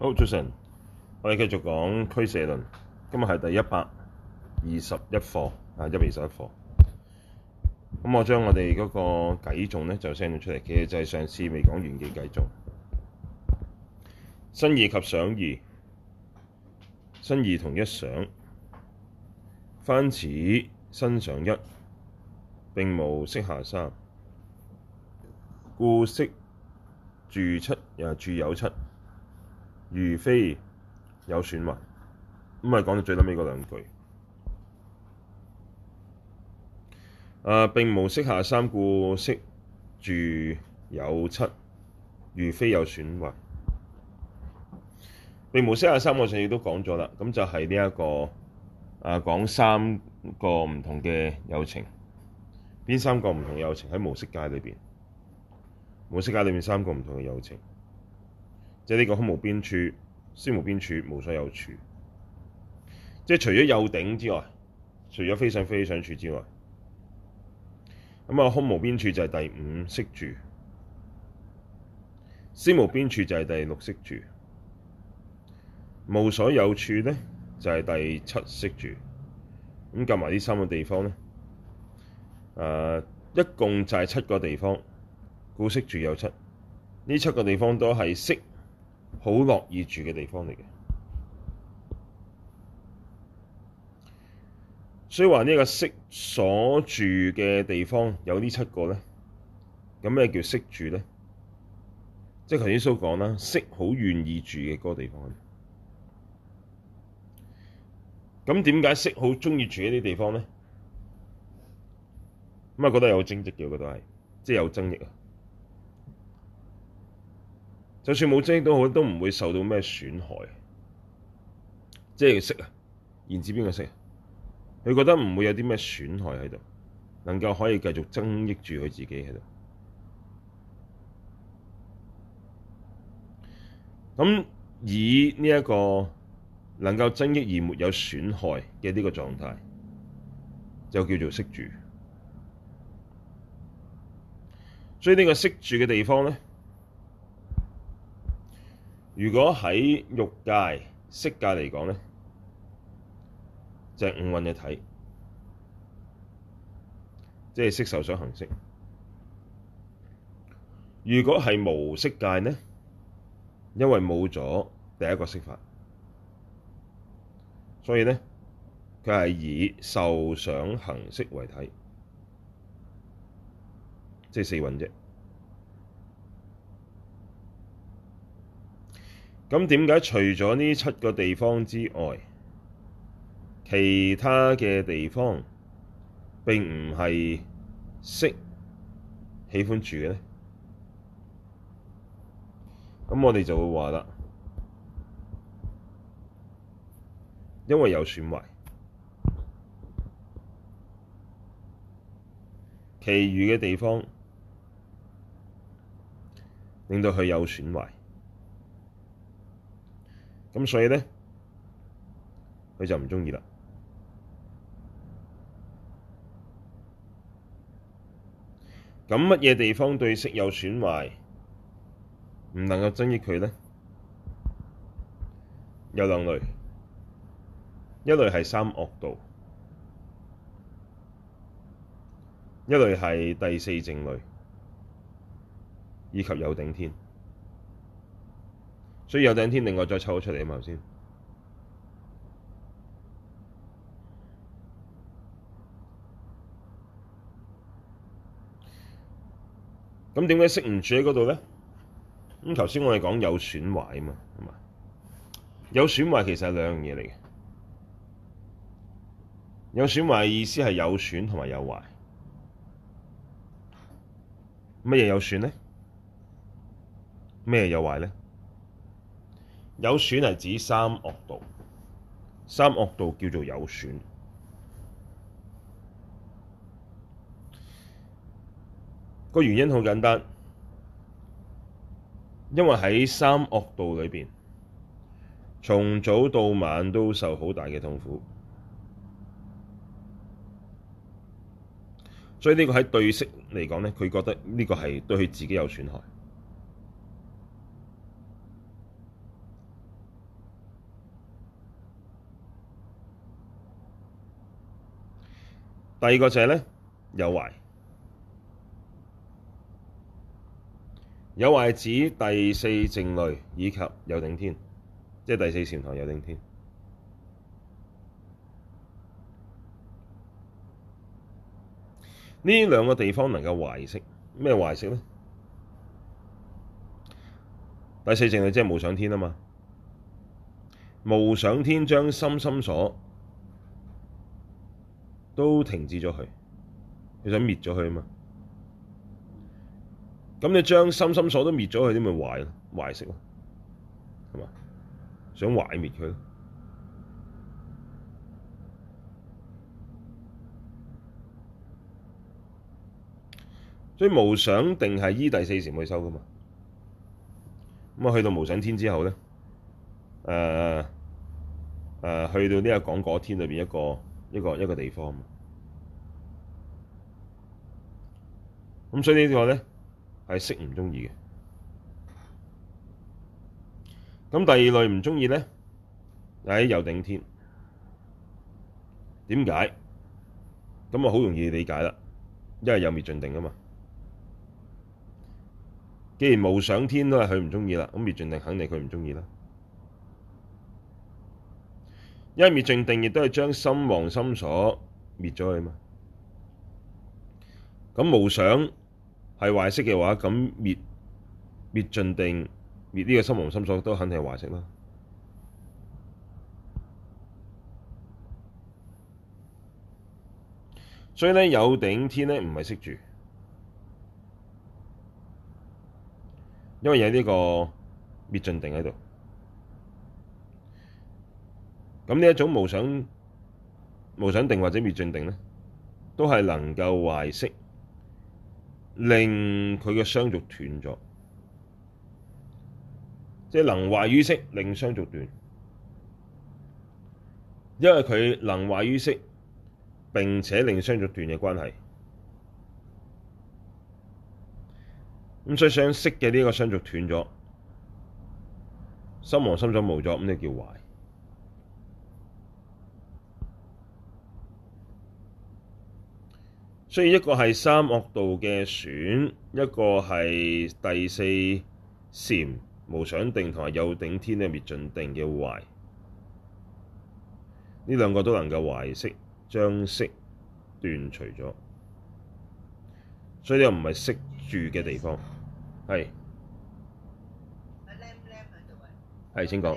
好，Jason，我哋繼續講俱舍論，今日係第一百二十一課，啊，一百二十一課。咁、嗯、我將我哋嗰個偈頌呢就 send 咗出嚟，其實就係上次未講完嘅偈頌。身異及想異，身異同一想，翻此身想一，並無色下三，故識住七又、啊、住有七。如非有損壞，咁咪講到最後尾嗰兩句。誒、啊、並無色下三，故識住有七。餘非有損壞，並無色下三個，我上亦都講咗啦。咁就係呢一個誒、啊、講三個唔同嘅有情，邊三個唔同的有情喺無色界裏邊？無色界裏面三個唔同嘅有情。即係呢個空無邊處、識無邊處、無所有處。即除咗有頂之外，除咗非想非非想處之外，咁啊空無邊處就係第五識住，識無邊處就係第六識住，無所有處呢就係、是、第七識住。咁夾埋呢三個地方呢，一共就係七個地方，故識住有七，呢七個地方都係識。好樂意住嘅地方嚟嘅，所以話呢個識所住嘅地方有呢七個咧。咁咩叫識住咧？即係頭先所講啦，識好願意住嘅嗰個地方。咁點解識好中意住呢啲地方咧？咁啊，覺得有增益嘅，我覺得係即係有增益啊！就算冇增益都好，都唔會受到咩損害。即係識啊，然之邊個識啊？佢覺得唔會有啲咩損害喺度，能夠可以繼續增益住佢自己喺度。咁以呢一個能夠增益而沒有損害嘅呢個狀態，就叫做識住。所以呢個識住嘅地方呢。如果喺欲界色界嚟講咧，就是五蘊為體，即、就、係、是、色受想行識。如果係無色界呢，因為冇咗第一個色法，所以呢，佢係以受想行識為體，即、就、係、是、四蘊啫。咁點解除咗呢七個地方之外，其他嘅地方並唔係識喜歡住嘅呢？咁我哋就會話啦，因為有損壞，其餘嘅地方令到佢有損壞。咁所以呢，佢就唔中意喇。咁乜嘢地方對識有損壞，唔能夠增益佢呢？有兩類，一類係三惡道，一類係第四靜慮，以及有頂天。所以有頂天定，另外再湊到出嚟啊。頭先，咁點解識唔住喺嗰度呢？咁頭先我哋講有損壞啊嘛，係嘛？有損壞其實係兩樣嘢嚟嘅。有損壞意思係有損同埋有壞。乜嘢有損呢？乜嘢有壞呢？有損係指三惡道，三惡道叫做有損。個原因好簡單，因為喺三惡道裏邊，從早到晚都受好大嘅痛苦，所以呢個係對識嚟講，呢佢覺得呢個係對佢自己有損害。第二個就係咧有壞，有壞指第四靜慮以及有頂天，即係第四禪堂有頂天。呢兩個地方能夠壞識，咩壞識呢？第四靜慮即係無想天啊嘛，無想天將心心所，都停止咗佢，你想滅咗佢啊嘛？咁你將心心所都滅咗佢，啲咪壞咯？壞識咯，係嘛？想毀滅佢，所以無想定係依第四禪去修㗎嘛？咁啊，去到無想天之後咧，誒、呃、誒、呃，去到呢個廣果天裏邊一個。一個一個地方啊，咁所以呢個咧係識唔中意嘅。咁第二類唔中意咧，喺有頂天，點解？咁啊好容易理解啦，因為有滅盡定啊嘛。既然無想天都係佢唔中意啦，咁滅盡定肯定佢唔中意啦。因為滅盡定亦都係將心王心所滅咗佢嘛，咁無想係壞識嘅話，咁滅滅盡定滅呢個心王心所都肯定係壞識啦。所以呢，有頂天呢唔係識住，因為有呢個滅盡定喺度。咁呢一種無想、無想定或者滅盡定呢都係能夠壞識，令佢嘅相續斷咗，即係能壞於識，令相續斷，因為佢能壞於識，並且令相續斷嘅關係。咁所以相識嘅呢個相續斷咗，心王心所無咗咁就叫壞。所以一個係三惡道嘅損，一個係第四禪無想定同埋有頂天嘅滅盡定嘅壞，呢兩個都能夠壞識，將識斷除咗，所以呢個唔係識住嘅地方，係係請講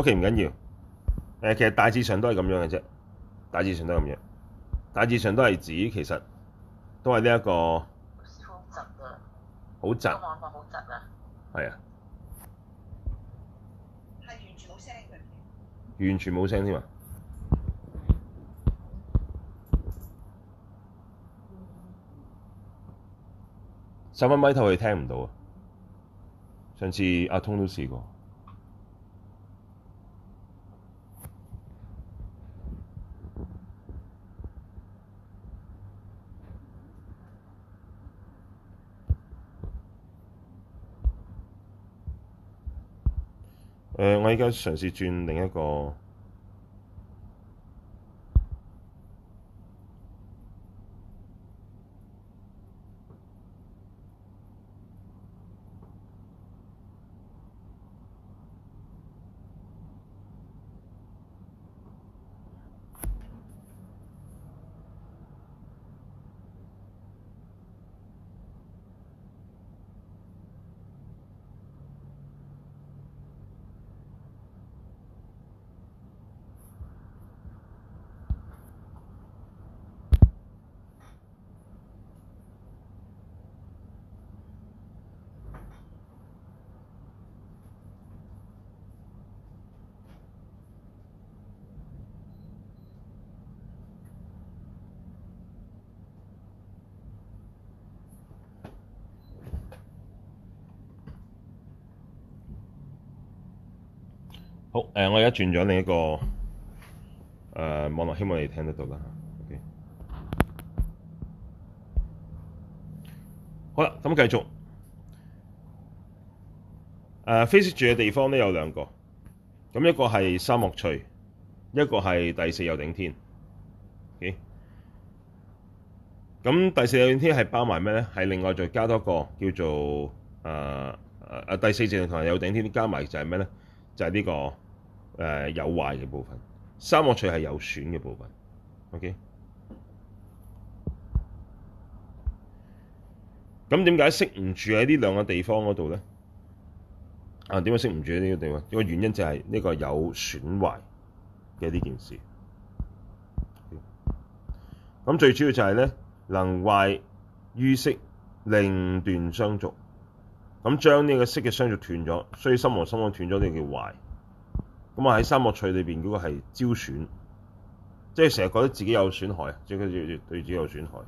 OK，唔緊要。誒，其實大致上都係咁樣嘅啫。大致上都係咁樣。大致上都係指其實都係呢一個好窄啊。個好窄啊。係啊。係完全冇聲嘅。完全冇聲添啊！嗯、十蚊米頭，佢聽唔到啊！上次阿通都試過。誒、呃、我而家嘗試轉另一個誒、呃，我而家轉咗另一個誒網絡，希望你聽得到啦吓。Okay? 好啦，咁、嗯、繼續。誒、呃，非識住嘅地方咧有兩個，咁一個係三惡趣，一個係第四有頂天。咁、okay? 第四有頂天係包埋咩咧？係另外再加多一個叫做誒誒誒第四靜慮同埋有頂天，加埋就係咩咧？就係、是、呢、這個。誒、呃、有壞嘅部分，三惡趣係有損嘅部分。OK，咁點解識唔住喺呢兩個地方嗰度咧？啊，點解識唔住喺呢個地方？個原因就係呢個有損壞嘅呢件事。咁、okay? 最主要就係咧，能壞於識，令斷相續。咁將呢個識嘅相續斷咗，所以心王心王斷咗，呢、這個、叫壞。咁啊喺三惡道裏邊嗰個係招損，即係成日覺得自己有損害，即係佢對自己有損害。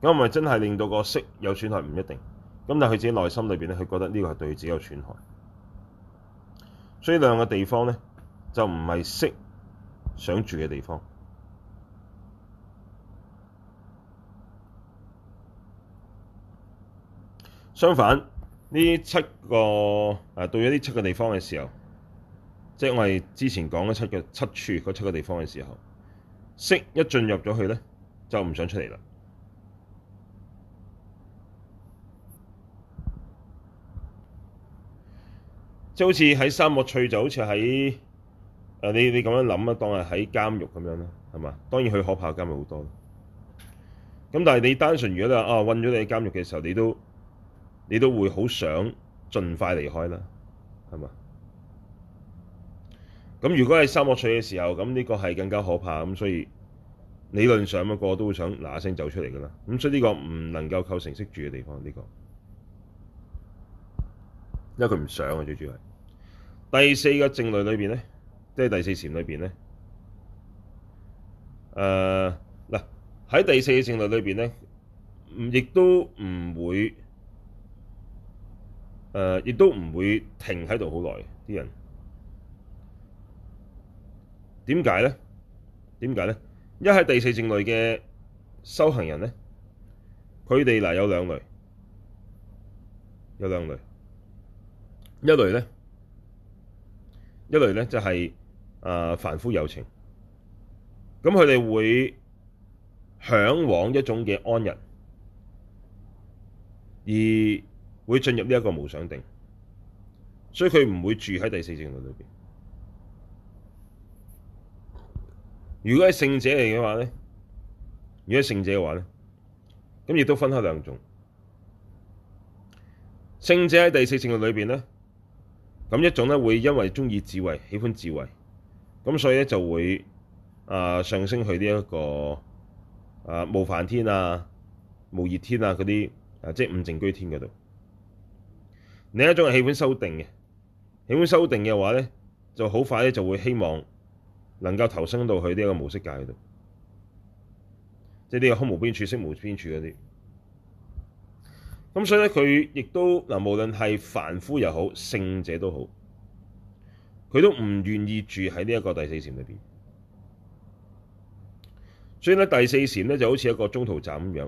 咁係咪真係令到個識有損害唔一定？咁但係佢自己內心裏邊咧，佢覺得呢個係對自己有損害。所以兩個地方咧，就唔係識想住嘅地方。相反，呢七個誒，對咗呢七個地方嘅時候。即係我哋之前講咗七個七處嗰七,七個地方嘅時候，識一進入咗去咧，就唔想出嚟啦。即係好似喺三惡趣就好似喺誒你你咁樣諗啊，當係喺監獄咁樣啦，係嘛？當然佢可怕嘅監獄好多，咁但係你單純如果啊你啊韞咗你喺監獄嘅時候，你都你都會好想盡快離開啦，係嘛？咁如果係三惡道嘅時候，咁呢個係更加可怕，咁所以理論上個個都會想嗱一聲走出嚟噶啦，咁所以呢個唔能夠構成識住嘅地方，呢、這個因為佢唔想啊，最主要係第四個靜慮裏面咧，即係第四禪裏面咧，誒嗱喺第四靜慮裏邊咧，亦都唔會誒，亦、呃、都唔會停喺度好耐啲人。點解咧？點解咧？一係第四靜慮嘅修行人咧，佢哋嗱有兩類，有兩類，一類咧，一類咧就係誒凡夫有情，咁佢哋會向往一種嘅安逸，而會進入呢一個無想定，所以佢唔會住喺第四靜慮裏邊。如果係聖者嚟嘅話咧，如果係聖者嘅話咧，咁亦都分開兩種。聖者喺第四靜慮裏邊咧，咁一種咧會因為中意智慧，喜歡智慧，咁所以咧就會啊上升去呢一個啊無煩天啊無熱天啊嗰啲，即係五淨居天嗰度。另一種係喜歡修定嘅，喜歡修定嘅話咧，就好快咧就會希望。能夠投生到佢呢一個無色界度，即係呢個空無邊處、識無邊處嗰啲。咁所以咧，佢亦都嗱，無論係凡夫又好、聖者都好，佢都唔願意住喺呢一個第四禪裏邊。所以咧，第四禪咧就好似一個中途站咁樣。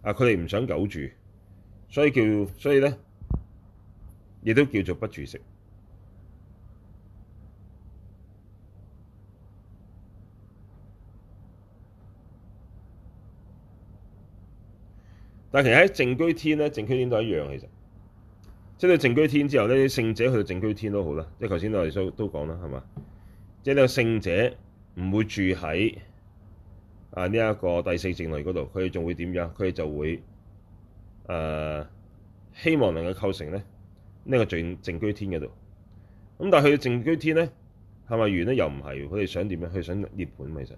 啊，佢哋唔想久住，所以叫，所以咧，亦都叫做不住識。但其實喺淨居天咧，淨居天都係一樣，其實即係淨居天之後咧，啲聖者去到淨居天都好啦。即係頭先我哋都都講啦，係嘛？即係呢個聖者唔會住喺啊呢一個第四靜慮嗰度，佢仲會點樣？佢哋就會誒、啊、希望能夠構成咧呢、呢個淨淨居天嗰度。咁但係去到淨居天咧係咪完咧？是原又唔係佢哋想點啊？佢想涅槃其實。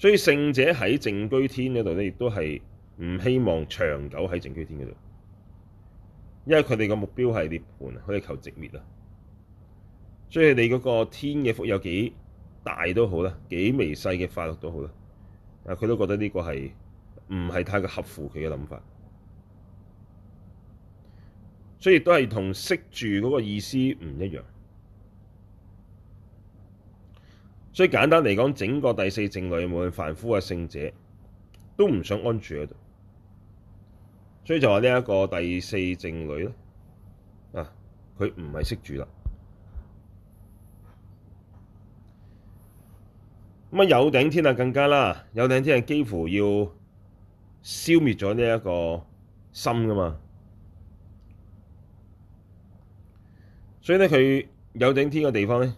所以聖者喺淨居天嗰度咧，亦都係唔希望長久喺淨居天嗰度，因為佢哋嘅目標係涅槃啊，佢哋求寂滅啊。所以你嗰個天嘅福有幾大都好啦，幾微細嘅法律都好啦，啊，佢都覺得呢個係唔係太過合乎佢嘅諗法，所以都係同識住嗰個意思唔一樣。所以簡單嚟講，整個第四靜慮無論凡夫啊，聖者都唔想安住喺度，所以就話呢一個第四靜慮咧，啊，佢唔係識住啦。咁啊，有頂天啊，更加啦，有頂天係，幾乎要消滅咗呢一個心噶嘛。所以咧，佢有頂天嘅地方咧。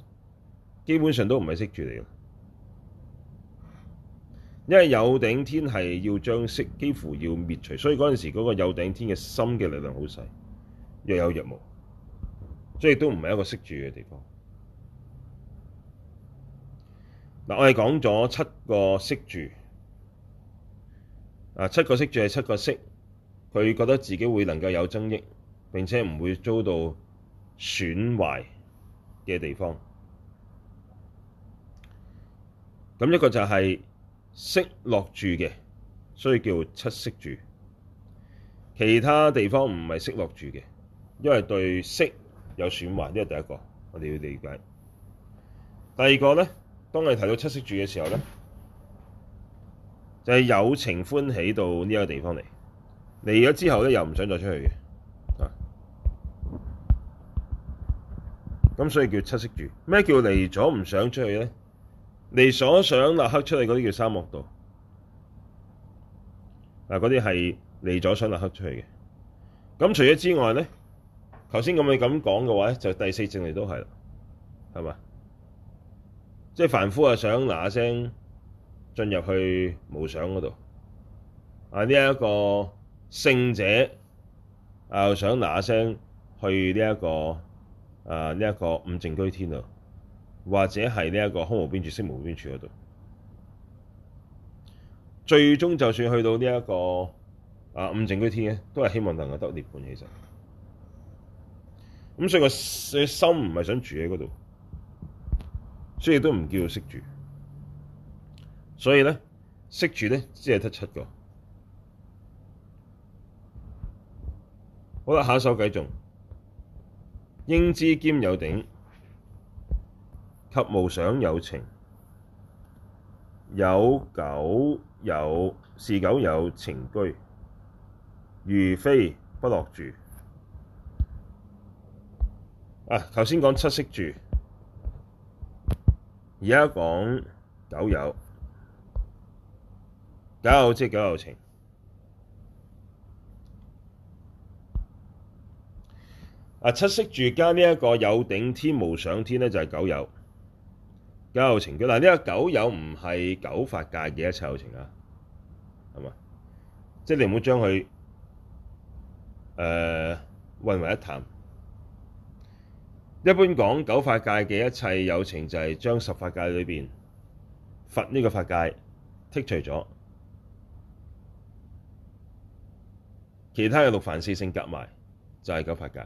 基本上都唔係識住嚟嘅，因為有頂天係要將識幾乎要滅除，所以嗰陣時嗰個有頂天嘅心嘅力量好細，若有若無，所以都唔係一個識住嘅地方。嗱，我哋講咗七個識住，啊，七個識住係七個識，佢覺得自己會能夠有增益，並且唔會遭到損壞嘅地方。咁一個就係識樂住嘅，所以叫七識住。其他地方唔係識樂住嘅，因為對識有損壞，呢、這個第一個我哋要理解。第二個呢，當你提睇到七識住嘅時候呢，就係、是、有情歡喜到呢個地方嚟，嚟咗之後呢，又唔想再出去嘅，啊！咁所以叫七識住。咩叫嚟咗唔想出去呢？嚟所想立刻出去嗰啲叫三惡道，嗰啲係嚟所想立刻出去嘅。咁除咗之外咧，頭先咁樣咁講嘅話咧，就第四靜慮都係啦，係嘛？即係凡夫啊想嗱下聲進入去無想嗰度，啊呢一個聖者啊想嗱下聲去呢一個啊呢一個五淨居天啊。或者係呢一個空無邊處、識無邊處嗰度，最終就算去到呢一個啊五淨居天都係希望能夠得涅槃其實。咁所以我心唔係想住喺嗰度，所以都唔叫做識住。所以呢，識住呢，只係得七個。好啦，下一手繼續，應知兼有頂。及無想有情，有九有是九有情居，餘非不樂住。啊！頭先講七識住，而家講九有，九有即係九有情。啊！七識住加呢一個有頂天無想天呢就係、是、九有，叫有情居，嗱呢個九有唔係九法界嘅一切有情啊，係咪？即你唔好將佢混為一談。一般講九法界嘅一切有情，就係將十法界裏面「佛」呢個法界剔除咗，其他嘅六凡四聖夾埋就係九法界。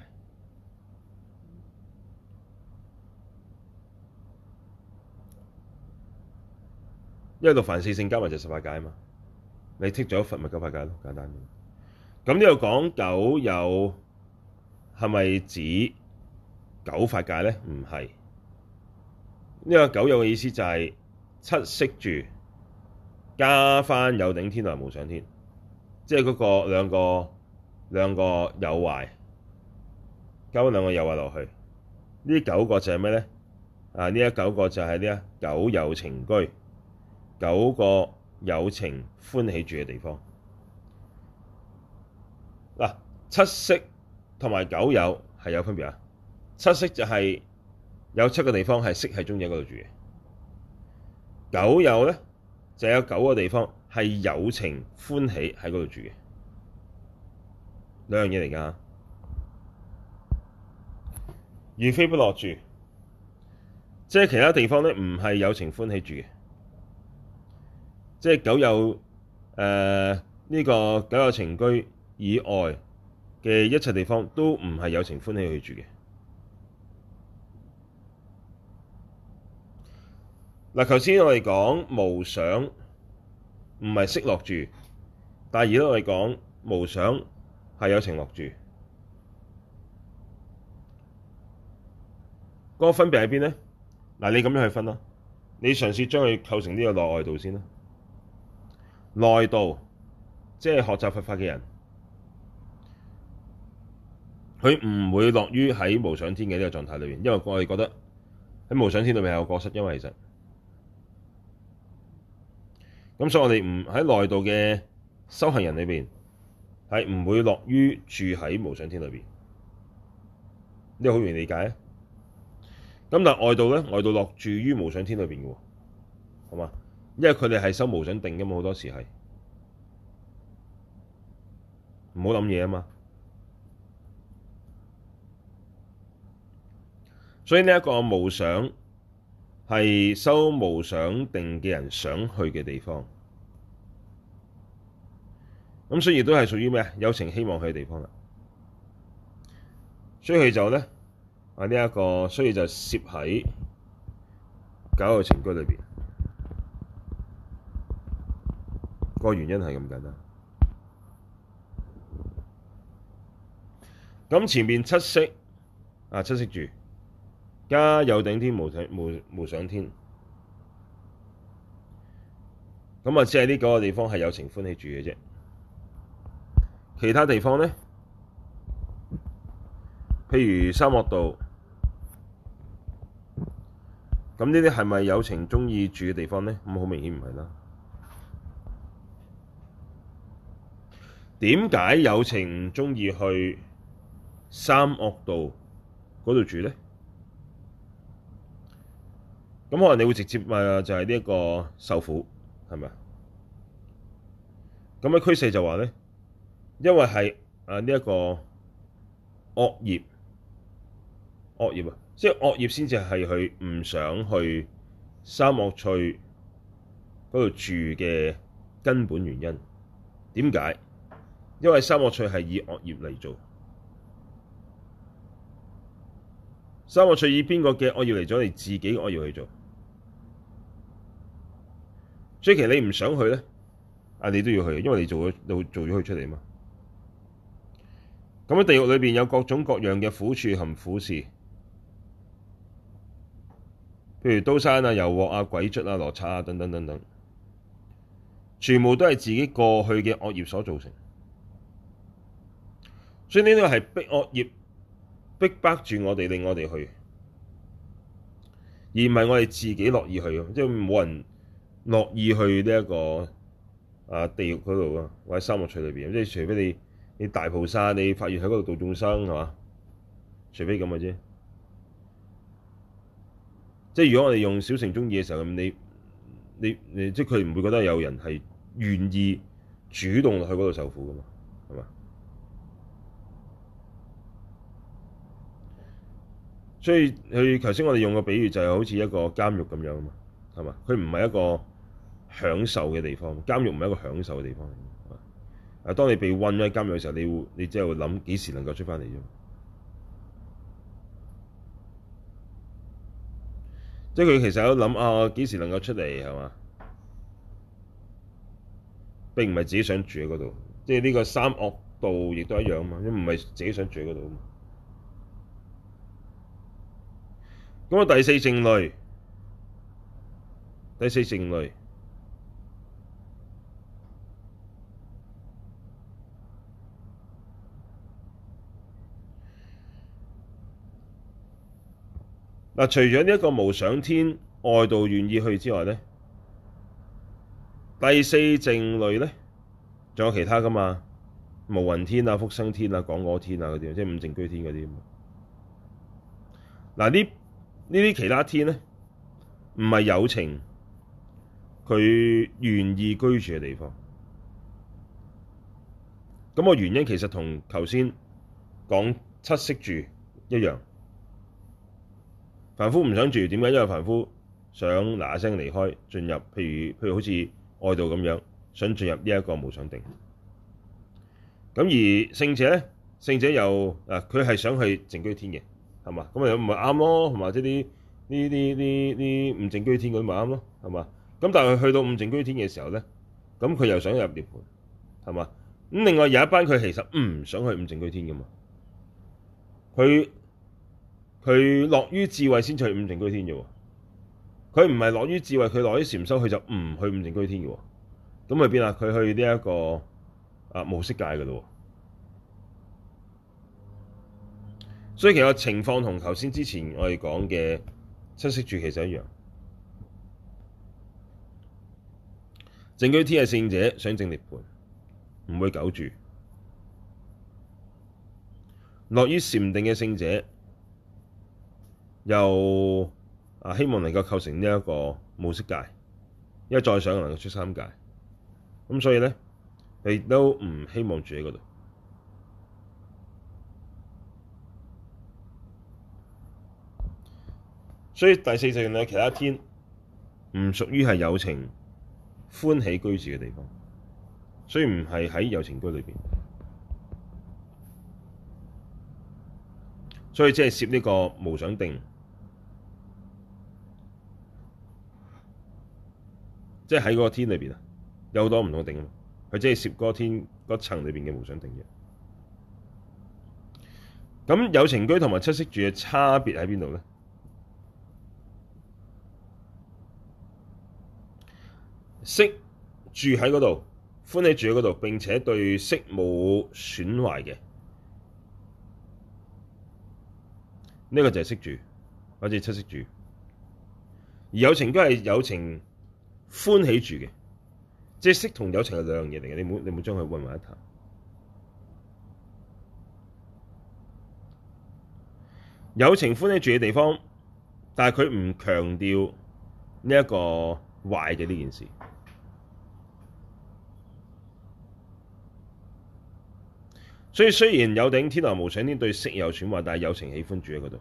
一係度凡四聖加埋就十法界啊嘛，你剔咗佛咪九法界咯。簡單咁呢度講九有係咪指九法界咧？唔係，呢個九有嘅意思就係七識住加翻有頂天同無想天，即係嗰個兩個兩個有壞加翻兩個有壞落去呢九個就係咩咧？啊，呢一九個就係呢一九有情居。九個有情歡喜住嘅地方，嗱，七識同埋九有係有分別啊！七識就係有七個地方係識喺中意嗰度住嘅，九有咧就有九個地方係有情歡喜喺嗰度住嘅，兩樣嘢嚟㗎。餘非不樂住，即係其他地方咧唔係有情歡喜住嘅。即係九有誒呢、呃這個九有情居以外嘅一切地方，都唔係有情歡喜去住嘅。嗱，頭先我哋講無想唔係識落住，但係而家我哋講無想係有情落住，嗰個分別喺邊咧？嗱，你咁樣去分啦，你嘗試將佢構成呢個內外道先啦。內道即係學習佛法嘅人，佢唔會樂於喺無想天嘅呢個狀態裏邊，因為我哋覺得喺無想天裏邊係有過失，因為其實咁，所以我哋唔喺內道嘅修行人裏邊係唔會樂於住喺無想天裏邊，呢、這個好容易理解啊。咁但係外道咧，外道樂住於無想天裏邊嘅，好嘛？因為佢哋係修無想定嘅嘛，好多時係唔好諗嘢啊嘛。所以呢一個無想係修無想定嘅人想去嘅地方，咁所以都係屬於咩啊？有情希望去嘅地方啦。所以佢就咧喺呢一，這個，所以就攝喺九有情居裏邊。個原因係咁簡單。咁前面七識啊，七識住，加有頂天、無想無無想天。咁啊，只係呢九個地方係有情歡喜住嘅啫。其他地方呢？譬如三惡道，咁呢啲係咪有情中意住嘅地方呢？咁好明顯唔係啦。點解有情中意去三惡道嗰度住咧？咁可能你會直接問啊，就係呢一個受苦，係咪啊？咁嘅趨勢就話咧，因為係啊呢一個惡業，惡業啊，即係惡業先至係佢唔想去三惡趣嗰度住嘅根本原因，點解？因為三惡趣係以惡業嚟做三惡趣，以邊個嘅惡業嚟咗，你自己嘅惡業去做，所以其實你唔想去咧，啊你都要去，因為你做咗做了做咗佢出嚟嘛。咁喺地獄裏邊有各種各樣嘅苦處同苦事，譬如刀山啊、油鑊啊、鬼卒啊、羅剎啊等等等等，全部都係自己過去嘅惡業所造成的。所以呢個係逼惡業逼迫住我哋令我哋去，而唔係我哋自己樂意去，即係冇人樂意去呢個地獄嗰度，或者三惡趣裏面，即係除非你，你大菩薩你發願喺嗰度度眾生係嘛？除非咁嘅啫。即係如果我哋用小乘中意嘅時候，你你，你即係佢唔會覺得有人係願意主動去嗰度受苦噶嘛。所以佢頭先我哋用個比喻就係好似一個監獄咁樣啊嘛，係嘛？佢唔係一個享受嘅地方，監獄唔係一個享受嘅地方啊，當你被困咗喺監獄嘅時候，你會你只有諗幾時能夠出翻嚟啫。即係佢其實喺度諗啊，幾時能夠出嚟係嘛？並唔係自己想住喺嗰度，即係呢個三惡道亦都一樣啊嘛，因為唔係自己想住喺嗰度。咁啊第四靜慮，第四靜慮。嗱，除咗呢一個無想天外道願意去之外呢，第四靜慮呢，仲有其他噶嘛？無雲天啊、福生天啊、廣果天啊五淨居天嗰啲。這些呢啲其他天咧，唔係有情佢願意居住嘅地方。咁個原因其實同頭先講七識住一樣。凡夫唔想住，點解？因為凡夫想嗱嗱聲離開，進入譬如譬如好似外道咁樣，想進入呢一個無想定。咁而聖者咧，聖者又啊佢係想去淨居天嘅。係嘛？咁咪又唔係啱咯，同埋即啲呢啲啲啲五淨居天嗰啲咪啱咯，係嘛？咁但係佢去到五淨居天嘅時候咧，咁佢又想入涅槃，係嘛？咁另外有一班佢其實唔想去五淨居天嘅嘛，佢佢樂於智慧先去五淨居天嘅喎，佢唔係樂於智慧，佢樂於禪修，佢就唔去五淨居天嘅喎，咁去邊啊？佢去呢一個啊無色界嘅咯。所以其實情況同頭先之前我哋講嘅七識住其實一樣。淨居天嘅聖者，想證涅槃，唔會久住。樂於禪定嘅聖者，又啊，希望能夠構成呢一個無色界，因為再上能夠出三界。咁所以咧，亦都唔希望住喺嗰度。所以第四靜慮其他天唔屬於係有情歡喜居住嘅地方，所以唔係喺有情居裏邊，所以即係攝呢個無想定，即係喺嗰個天裏邊有好多唔同定，佢即係攝嗰個天嗰層裏邊嘅無想定，咁有情居同埋七識住嘅差別喺邊度呢？識住喺嗰度，歡喜住喺嗰度，並且對識冇損壞嘅，呢、這個就係識住，或者七識住。而有情都係有情歡喜住嘅，即係識同有情係兩樣嘢嚟嘅，你唔好你唔好將佢混埋一談。有情歡喜住嘅地方，但係佢唔強調呢一個壞嘅呢件事。所以雖然有頂天和無想天對識有損壞，但係有情喜歡住喺嗰度，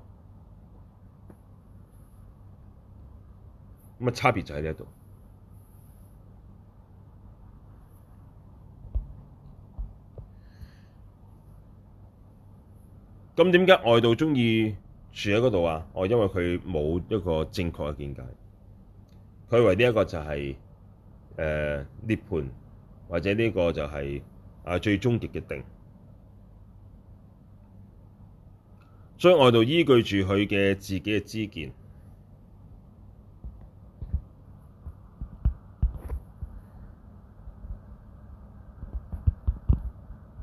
咁啊差別就喺呢一度。咁點解外道鍾意住喺嗰度啊？哦，因為佢冇一個正確嘅見解，佢以為呢一個就係誒涅槃，或者呢個就係啊最終極嘅定。所以外道依據住佢嘅自己嘅知見，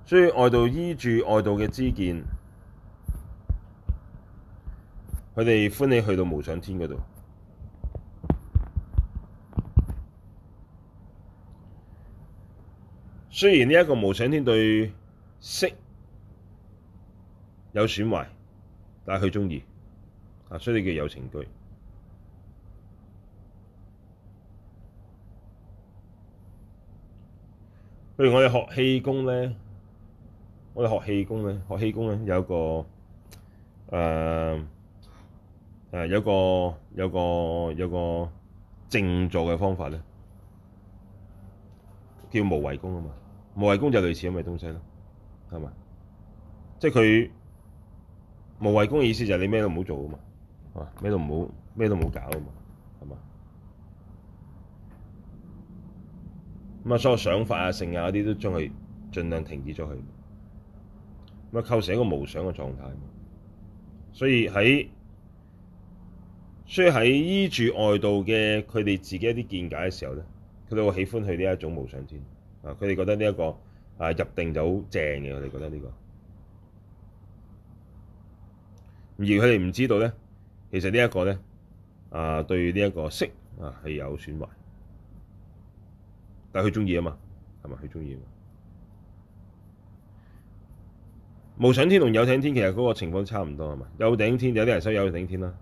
所以外道依住外道嘅知見，佢哋歡喜去到無想天嗰度。雖然呢一個無想天對識有損壞。但係佢鍾意，啊，所以叫有情居。譬如我哋學氣功咧，我哋學氣功咧，學氣功咧，有一個誒誒，有一個，有一個，有個靜坐嘅方法咧，叫無為功啊嘛，無為功就類似咁嘅東西咯，係咪？即係佢。無為功嘅意思就係你咩都唔好做啊嘛，啊咩都唔好咩都唔好搞啊嘛，係嘛？咁啊，所有想法啊、成日嗰啲都將佢盡量停止咗去，咁啊構成一個無想嘅狀態。所以喺所以喺依住外道嘅佢哋自己一啲見解嘅時候咧，佢哋會喜歡去呢一種無想天啊！佢哋覺得呢一個啊入定就好正嘅，佢哋覺得呢個。而佢哋唔知道咧，其實呢一個咧啊，對呢一個識啊係有損壞。但係佢中意啊嘛，係咪佢中意？無想天同有頂天，其實嗰個情況差唔多係嘛。有頂天有啲人修有頂天啦，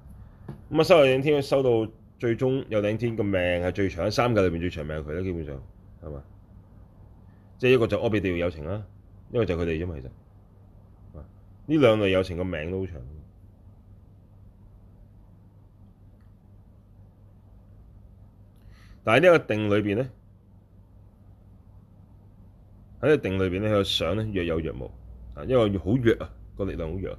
咁啊修有頂天修到最終有頂天個命係最長，三界裏邊最長命係佢啦。基本上係嘛，即係、就是、一個就是阿鼻地有情啦，一個就佢哋啫嘛。其實啊，呢兩類有情個命都好長。但係呢個定裏面呢，喺呢個定裏面咧，佢想呢，若有若無啊，因為好弱啊，個力量好弱，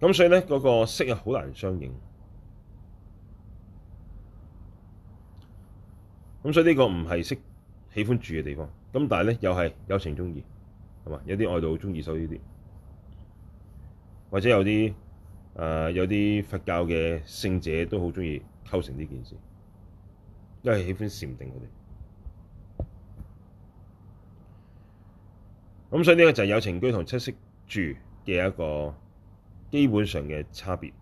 咁所以呢，嗰個識啊，好難相應。所以呢個唔係識喜歡住嘅地方，但是呢，又係有情中意，有啲外道好中意，所以呢啲，或者有啲有些佛教嘅聖者都好中意，構成呢件事，因為喜歡禪定佢哋。咁所以呢個就係有情居同七識住嘅一個基本上嘅差別。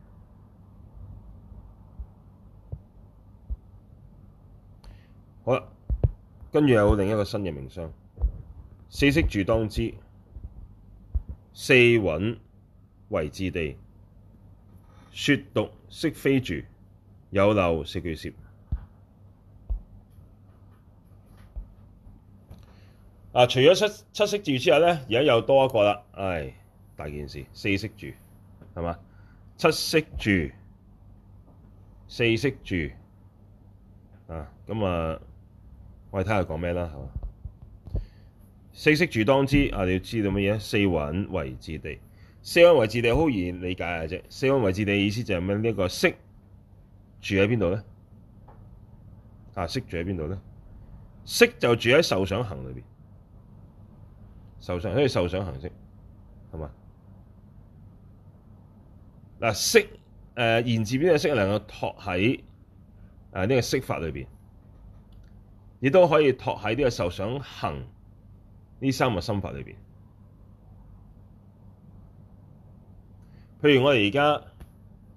好啦，跟住有另一個新嘅名相，四識住當知，四蘊唯自地，說獨識非住。有漏四句攝啊！除咗七七識住之外咧，而家又多一個啦，唉、哎，大件事。四識住係嘛？七識住、四識住啊！咁、嗯、啊，我哋睇下講咩啦，係嘛？四識住當知啊！你要知道乜嘢？四蘊唯自地，四蘊唯自地好易理解嘅啫。四蘊唯自地嘅意思就係咩、這個？呢個色。住喺邊度咧？啊，識住喺邊度咧？識就住喺受想行裏邊，受想即係受想行識，係嘛？嗱、啊，識誒，言字邊嘅識能夠托喺誒呢個識法裏邊，亦都可以托喺呢個受想行呢三個心法裏邊。譬如我哋而家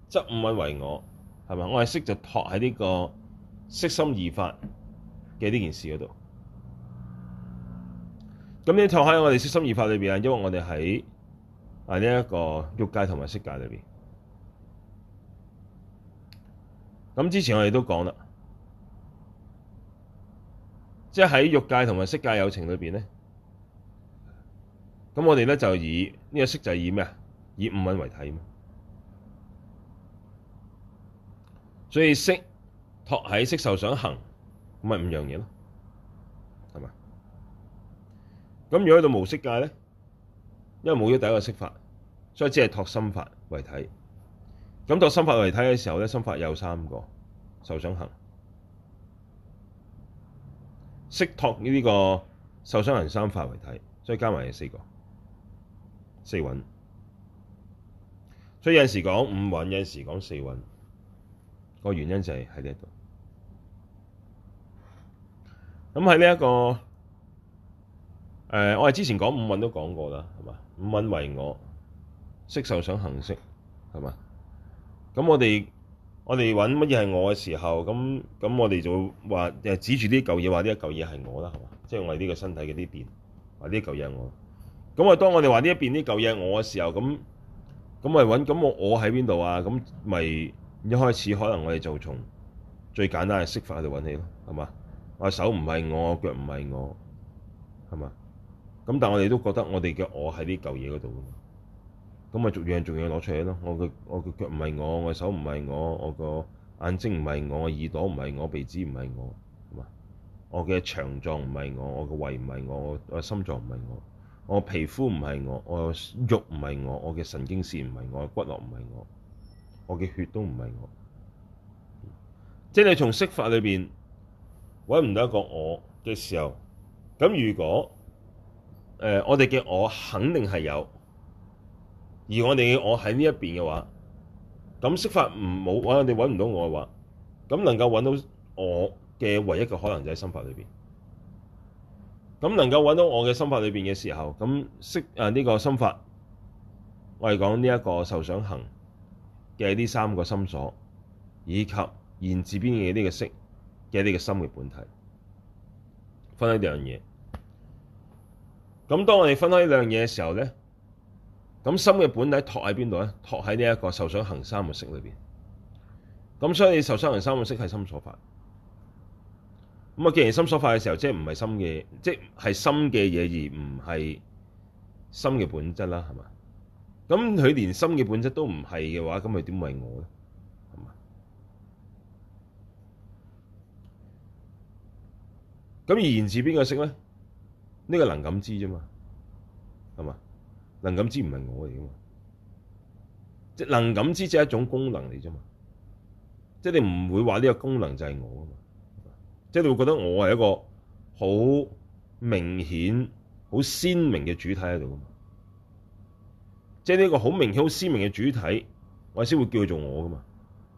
執五位為我。係嘛？我係識就託喺呢個識心二法嘅呢件事嗰度。咁呢託喺我哋識心二法裏邊啊，因為我哋喺啊呢一個欲界同埋色界裏邊。咁之前我哋都講啦，即係喺欲界同埋色界友情裏邊咧，咁我哋咧就以呢個色就係以咩啊？以五蘊為體所以識託喺色受想行，咁咪五樣嘢咯，係咪？咁如果去到無色界咧，因為冇咗第一個色法，所以只係託心法為體。咁託心法為體嘅時候咧，心法有三個受想行，識託呢個受想行三法為體，所以加埋有四個四蘊。所以有陣時講五蘊，有陣時講四蘊。個原因就係喺呢一度，咁喺呢一個，誒、呃，我係之前講五蘊都講過啦，係嘛？五蘊為我，色受想行識，係嘛？咁我哋，我哋揾乜嘢係我嘅時候，咁咁我哋就話誒，指住啲舊嘢話呢一舊嘢係我啦，係嘛？即、就、係、是、我哋呢個身體嘅啲變，話呢舊嘢我。咁啊，當我哋話呢一變呢舊嘢我嘅時候，咁咁咪揾咁我我喺邊度啊？咁咪？一開始可能我哋就從最簡單嘅釋法嚟揾起咯，係嘛？我手唔係我，我腳唔係我，係嘛？咁但係我哋都覺得我哋嘅我喺呢嚿嘢嗰度嘅，咁咪逐樣逐樣攞出嚟咯。我嘅我嘅腳唔係我，我嘅手唔係我，我個眼睛唔係我，耳朵唔係我，鼻子唔係我，係嘛？我嘅腸臟唔係我，我嘅胃唔係我，我我心臟唔係我，我皮膚唔係我，我肉唔係我，我嘅神經線唔係我，骨骼唔係我。我嘅血都唔係我，即係你從色法裏邊揾唔到一個我嘅時候，咁如果誒、呃、我哋嘅我肯定係有，而我哋嘅我喺呢一邊嘅話，咁色法唔冇啊？你揾唔到我嘅話，咁能夠揾到我嘅唯一嘅可能就喺心法裏邊。咁能夠揾到我嘅心法裏邊嘅時候，咁色啊呢、這個心法，我係講呢一個受想行。嘅呢三個心所，以及言字邊嘅呢個色嘅呢個心嘅本體，分開兩樣嘢。咁當我哋分開呢兩樣嘢嘅時候咧，咁心嘅本體託喺邊度咧？託喺呢一個受想行三個色裏面。咁所以受想行三個色係心所法。咁啊，既然心所法嘅時候，即係唔係心嘅，即係心嘅嘢而唔係心嘅本質啦，係嘛？咁佢連心嘅本質都唔係嘅話，咁佢點會為我咧？係嘛？咁而言之邊個識咧？呢個能感知啫嘛，係嘛？能感知唔係我嚟嘅嘛？即係能感知只係一種功能嚟啫嘛。即係你唔會話呢個功能就係我啊嘛。即係你會覺得我係一個好明顯、好鮮明嘅主體喺度啊嘛。即係呢個好明顯、好鮮明嘅主體我先會叫佢做我噶嘛，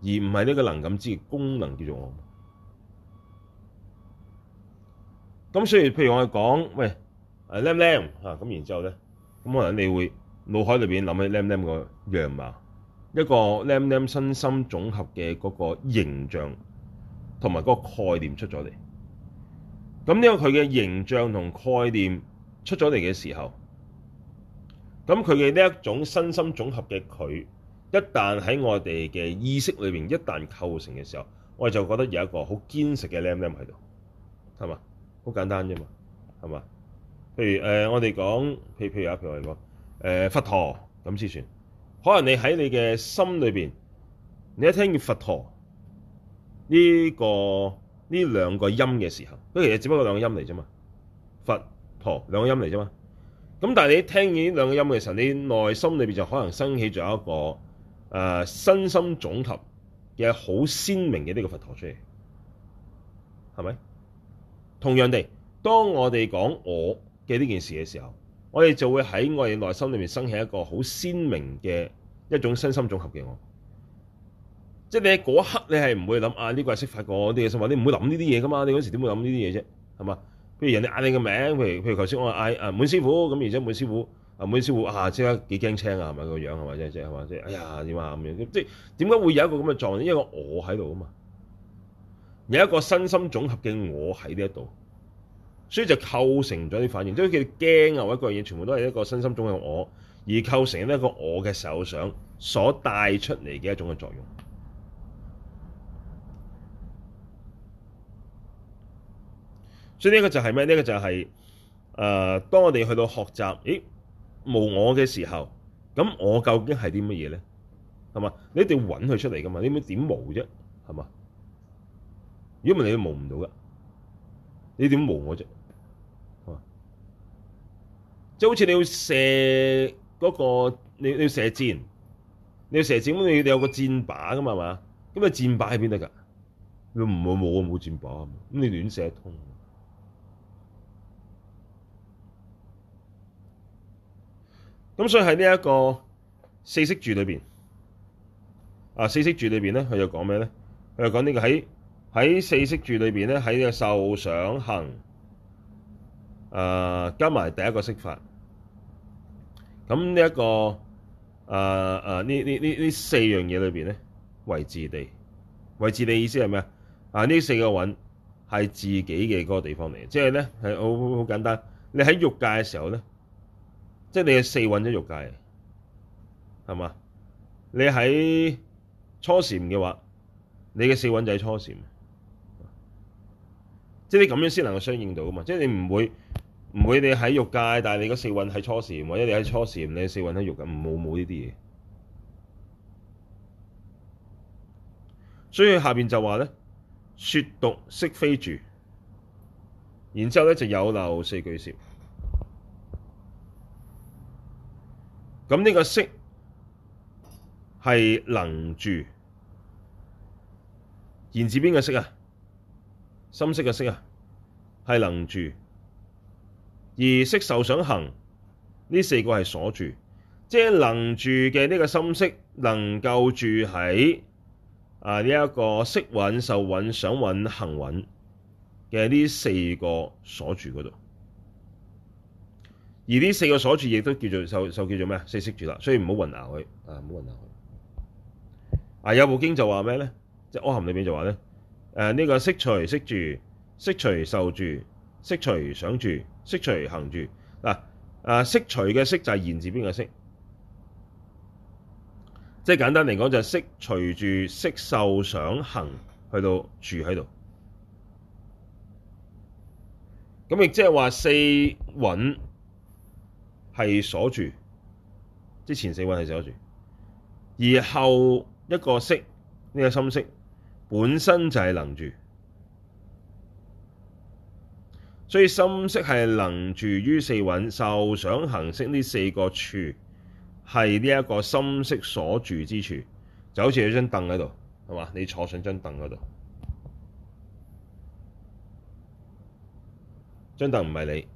而唔係呢個能感知嘅功能叫做我嘛。咁所以，譬如我係講喂 l a m l a m 嚇，咁然之後咧，咁可能你會腦海裏面諗起 l a m l a m 個樣啊，一個 l a m l a m 身心總合嘅嗰個形象同埋嗰個概念出咗嚟。咁呢個佢嘅形象同概念出咗嚟嘅時候。咁佢嘅呢一種身心總合嘅佢，一旦喺我哋嘅意識裏面，一旦構成嘅時候，我就覺得有一個好堅實嘅孿孿喺度，係嘛？好簡單啫嘛，係嘛、呃？譬如我哋講，譬如譬如有一譬如我哋講佛陀，咁先算。可能你喺你嘅心裏面，你一聽叫佛陀呢、這個呢兩個音嘅時候，嗰其實只不過兩個音嚟啫嘛，佛陀兩個音嚟啫嘛。咁但係你聽完呢兩個音嘅時候，你內心裏面就可能升起咗一個誒、呃、身心總合嘅好鮮明嘅呢個佛陀出嚟，係咪？同樣地，當我哋講我嘅呢件事嘅時候，我哋就會喺我哋內心裏面升起一個好鮮明嘅一種身心總合嘅我。即係你喺嗰一刻你、啊這個，你係唔會諗啊呢個係釋法嗰啲嘅心話，你唔會諗呢啲嘢噶嘛？你嗰時點會諗呢啲嘢啫？係嘛？譬如人哋嗌你個名，譬如譬如頭先我嗌啊滿師傅咁，而且滿師傅啊滿師傅啊，即刻幾驚青啊，係咪？個樣係咪？即係即係係嘛即係哎呀點啊咁樣，即係點解會有一個咁嘅狀況？因為我喺度啊嘛，有一個身心總合嘅我喺呢一度，所以就構成咗啲反應，即係叫驚啊或者嗰樣，全部都係一個身心總合我而構成呢一個我嘅手上所帶出嚟嘅一種嘅作用。所以呢個就係咩呢個就係誒，當我哋去到學習，咦，無我嘅時候，咁我究竟係啲乜嘢咧？係嘛？你一定要揾佢出嚟噶嘛？你點點無啫？係嘛？如果唔係你都無唔到噶，你點無我啫？即係好似你要射嗰個，你要射箭，你要射箭咁，你你有個箭靶噶嘛？係嘛？咁個箭靶喺邊得㗎？你唔冇冇冇箭靶咁你亂射通。咁所以喺呢一個四識住裏邊，啊四識住裏邊咧，佢就講咩咧？佢就講呢、這個喺喺四識住裏邊咧，喺呢個受想行，啊加埋第一個色法，咁呢一個啊啊呢呢呢呢四樣嘢裏邊咧，唯自地，唯自地意思係咩啊？啊呢四個蘊係自己嘅嗰個地方嚟，即係咧係好好簡單。你喺欲界嘅時候咧。即係你嘅四蘊喺欲界，係嘛？你喺初禪嘅話，你嘅四蘊就喺初禪。即係你咁樣先能夠相應到啊嘛！即係你唔會唔會你喺欲界，但係你嘅四蘊喺初禪，或者你喺初禪，你嘅四蘊喺欲界，冇冇呢啲嘢。所以下邊就話咧，說獨識非住，然之後咧就有漏四句攝。咁呢個識係能住，言字邊個識啊？心識嘅識啊，係能住。而色受想行呢四個係所住，即係能住嘅呢個心識能夠住喺啊呢一、這個色蘊、受蘊、想蘊、行蘊嘅呢四個所住嗰度。而呢四個所住，亦都叫做受受叫做咩啊？四識住啦，所以唔好混淆佢啊！唔好混淆佢啊！有部經就話咩咧？即係《阿含》裏邊就話咧，誒、啊、呢、這個識隨識住、識隨受住、識隨想住、識隨行住嗱誒識隨嘅識就係言字邊嘅識，即係簡單嚟講就係識隨住、識受想行去到住喺度，咁亦即係話四蘊。係所住，即前四蘊係所住，而後一個識呢、這個心識本身就係能住，所以心識係能住於四蘊受想行識呢四個處，係呢一個心識所住之處，就好似有張凳喺度，係嘛？你坐上張凳嗰度，張凳唔係你。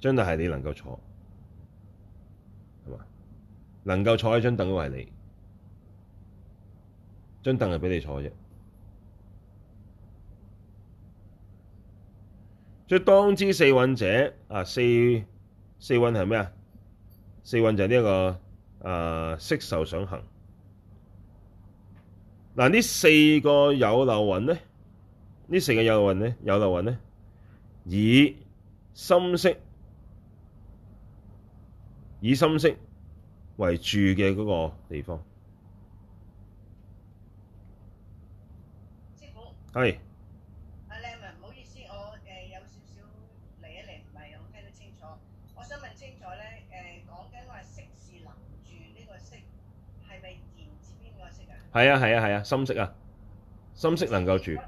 張凳係你能夠坐，係嘛？能夠坐喺張凳嘅係你，張凳係畀你坐啫。所以當知四蘊者啊，四四蘊係咩啊？四蘊就係呢、這個誒、啊，色受想行嗱。呢、啊、四個有漏蘊呢？呢四個有漏蘊呢？有漏蘊呢？以深色。以深色為住嘅嗰個地方，師傅係。阿靚女唔好意思，我誒有少少離一離唔係咁，我聽得清楚。我想問清楚咧，誒講緊話色是能住呢個色係咪前邊個色啊？係啊，係啊，係啊，深色啊，深色能夠住。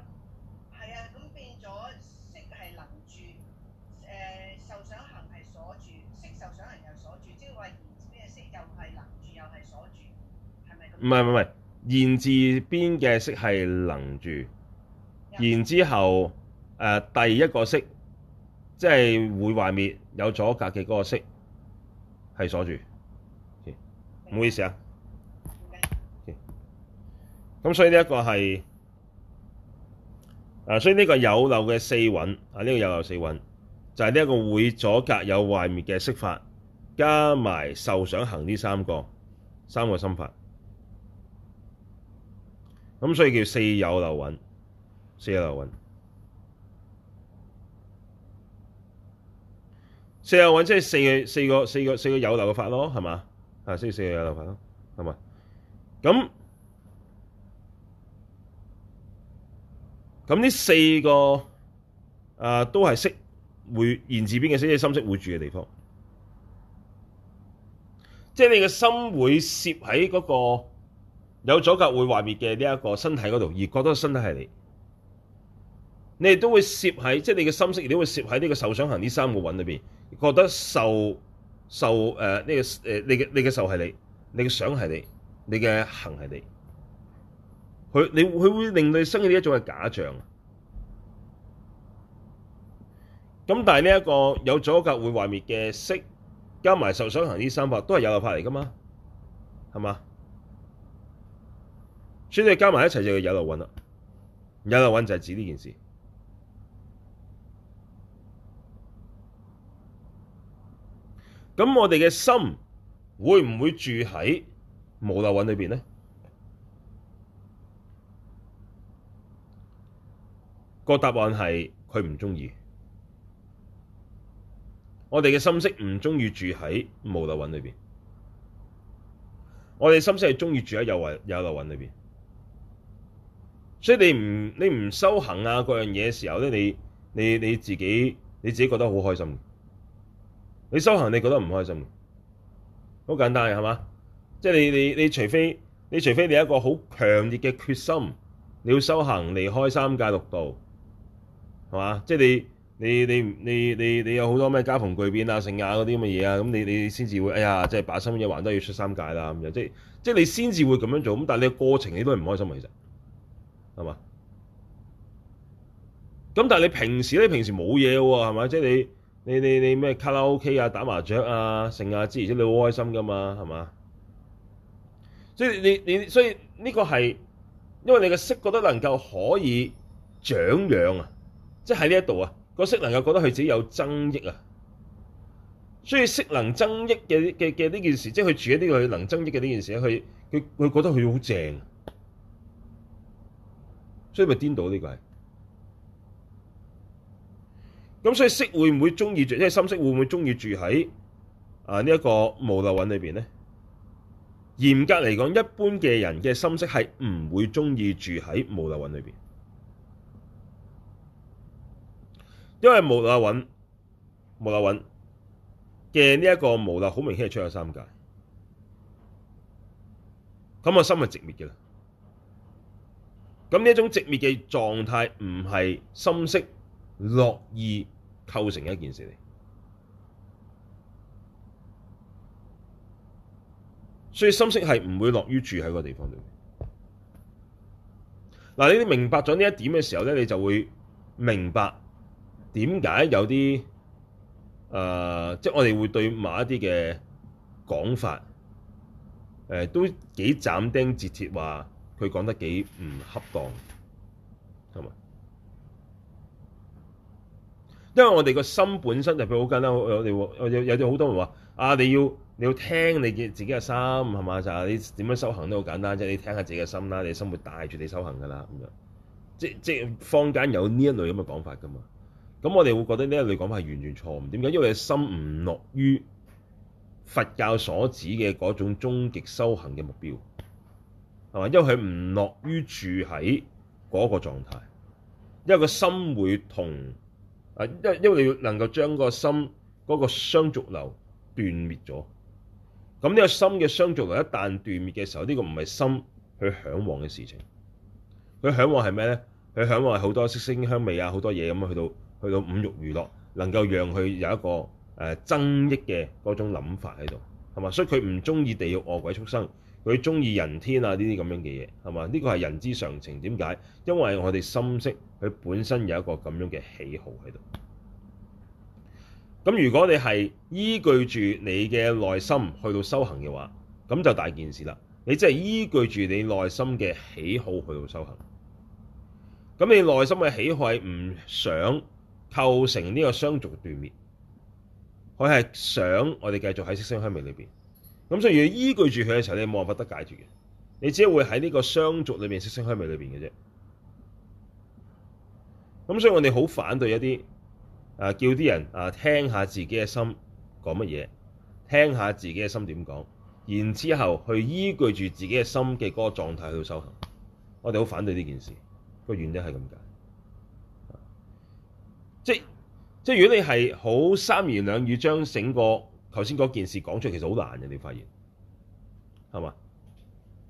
唔係唔係，言字邊嘅識係能住，然之後誒、呃、第一個色即係、就是、會壞滅，有阻隔嘅嗰個色係所住。唔、okay. 好意思啊。咁、okay. 所以呢一個係啊、呃，所以呢個有漏嘅四蘊啊，呢、這個有漏四蘊就係呢一個會阻隔有壞滅嘅色法，加埋受想行呢三個三個心法。咁所以叫四有漏蘊，四有漏蘊，四有蘊即係四個四個四個四個有漏嘅法咯，係嘛？啊，四四嘅有漏法咯，係嘛？咁咁呢四個啊、呃，都係識會言自邊嘅，識啲心識會住嘅地方，即、就、係、是、你嘅心會攝喺嗰個，有阻隔會壞滅嘅呢一個身體嗰度，而覺得身體係你，你亦都會攝喺，即係你嘅心識，亦都會攝喺呢個受想行呢三個蘊裏邊，覺得受受誒呢個誒你嘅你嘅受係你，你嘅想係你，你嘅行係你，佢你佢會令你生呢一種嘅假象。咁但係呢一個有阻隔會壞滅嘅色，加埋受想行呢三法，都係有物法嚟噶嘛，係嘛？所以你加埋一齊就叫有漏蘊啦，有漏蘊就係指呢件事。咁我哋嘅心會唔會住喺無漏蘊裏邊咧？個答案係佢唔中意。我哋嘅心識唔中意住喺無漏蘊裏邊，我哋心識係中意住喺有蘊有漏蘊裏邊。所以你唔你唔修行啊嗰樣嘢嘅時候咧，你你你自己你自己覺得好開心。你修行你覺得唔開心，好簡單嘅係嘛？即係你你你除，你除非你除非你有一個好強烈嘅決心，你要修行離開三界六道，係嘛？即係你你你你你你有好多咩家逢巨變啊、盛啊嗰啲咁嘅嘢啊，咁你你先至會哎呀，即係把心一橫都要出三界啦咁樣，即即係你先至會咁樣做。咁但係你個過程你都唔開心其實。係嘛？咁但係你平時咧，平時冇嘢喎，係咪？即係你你你你咩卡拉 OK 啊、打麻雀啊、食阿芝，而且你好開心噶嘛，係嘛？所以你你所以呢個係，因為你嘅識覺得能夠可以長養啊，即係喺呢一度啊，個識能夠覺得佢自己有增益啊，所以識能增益嘅嘅嘅呢件事，即係佢住喺呢個能增益嘅呢件事，佢佢佢覺得佢好正。所以咪顛倒呢個係，咁所以識會唔會鍾意住，即係心識會唔會鍾意住喺啊呢一個無漏蘊裏邊咧？嚴格嚟講，一般嘅人嘅心識係唔會鍾意住喺無漏蘊裏邊，因為無漏蘊、無漏蘊嘅呢一個無漏好明顯係出咗三界，咁啊心係直滅嘅啦。咁呢種寂滅嘅狀態，唔係心識樂意構成一件事嚟，所以心識係唔會樂於住喺個地方度。嗱，你明白咗呢一點嘅時候咧，你就會明白點解有啲即、呃就是、我哋會對某一啲嘅講法，呃、都幾斬釘截鐵話。佢講得幾唔恰當，係嘛？因為我哋個心本身就比較好簡單，我哋我有啲好多人話，啊，你要你要聽你嘅自己嘅心，係嘛？就係你點樣修行都好簡單，即係你聽下自己嘅心啦，你的心會帶住你修行噶啦，咁就即即坊間有呢一類咁嘅講法噶嘛。咁我哋會覺得呢一類講法係完全錯誤，點解？因為你的心唔落於佛教所指嘅嗰種終極修行嘅目標。係嘛？因為佢唔樂於住喺嗰個狀態，因為個心會同啊，因因為你要能夠將個心嗰個相續流斷滅咗。咁呢個心嘅相續流一旦斷滅嘅時候，呢個唔係心去向往嘅事情。佢向往係咩咧？佢向往係好多色聲香味啊，好多嘢咁啊，去到去到五欲娛樂，能夠讓佢有一個誒增益嘅嗰種諗法喺度，係嘛？所以佢唔中意地獄餓鬼畜生。佢中意人天啊呢啲咁樣嘅嘢，係嘛？呢個係人之常情。點解？因為我哋心識佢本身有一個咁樣嘅喜好喺度。咁如果你係依據住你嘅內心去到修行嘅話，咁就大件事啦。你即係依據住你內心嘅喜好去到修行。咁你內心嘅喜好係唔想構成呢個相續斷滅，佢係想我哋繼續喺色聲香味裏邊。咁所以要依據住佢嘅時候，你冇辦法得解決嘅，你只會喺呢個相族裏面色聲香味裏面嘅啫。咁所以我哋好反對一啲啊，叫啲人啊聽下自己嘅心講乜嘢，聽下自己嘅心點講，然之後去依據住自己嘅心嘅嗰個狀態去修行。我哋好反對呢件事，個原因係咁解。即即如果你係好三言兩語將整個。頭先嗰件事講出嚟其實好難嘅，你發現係嘛？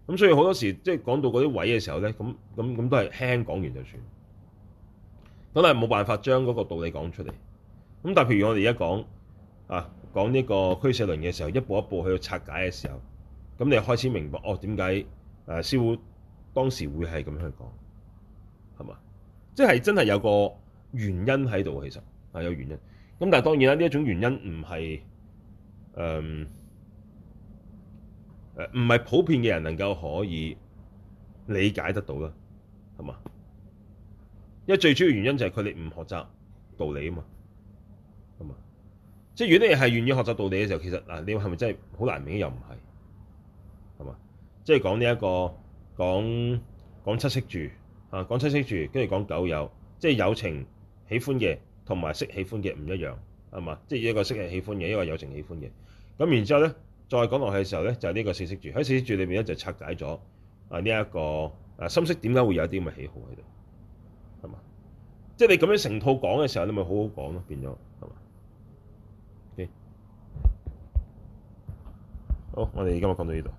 咁所以好多時即係講到嗰啲位嘅時候咧，咁咁咁都係輕講完就算了。咁但係冇辦法將嗰個道理講出嚟。咁但係譬如我哋而家講啊，講呢個俱舍論嘅時候，一步一步去到拆解嘅時候，咁你開始明白哦，點解誒師傅當時會係咁樣去講，係嘛？即係真係有個原因喺度，其實係有原因。咁但係當然啦，呢一種原因唔係。誒，誒，唔係普遍嘅人能夠可以理解得到啦，係嘛？因為最主要原因就係佢哋唔學習道理啊嘛，係嘛？即係如果你係願意學習道理嘅時候，其實嗱，你話係咪真係好難明白？又唔係，係嘛？即係講呢一個講講七識住啊，講七識住，跟、啊、住講九有，即係有情，喜歡嘅同埋識喜歡嘅唔一樣。係嘛？即係一個識誒喜歡嘅，一個有情喜歡嘅。咁然之後咧，再講落去嘅時候咧，就係、是、呢個四識住喺四識住裏邊咧，就拆解咗啊呢一個啊深色點解會有啲咁嘅喜好喺度？係嘛？即係你咁樣成套講嘅時候，你咪好講好講咯，變咗係嘛？OK。好，我哋而家就講到呢度。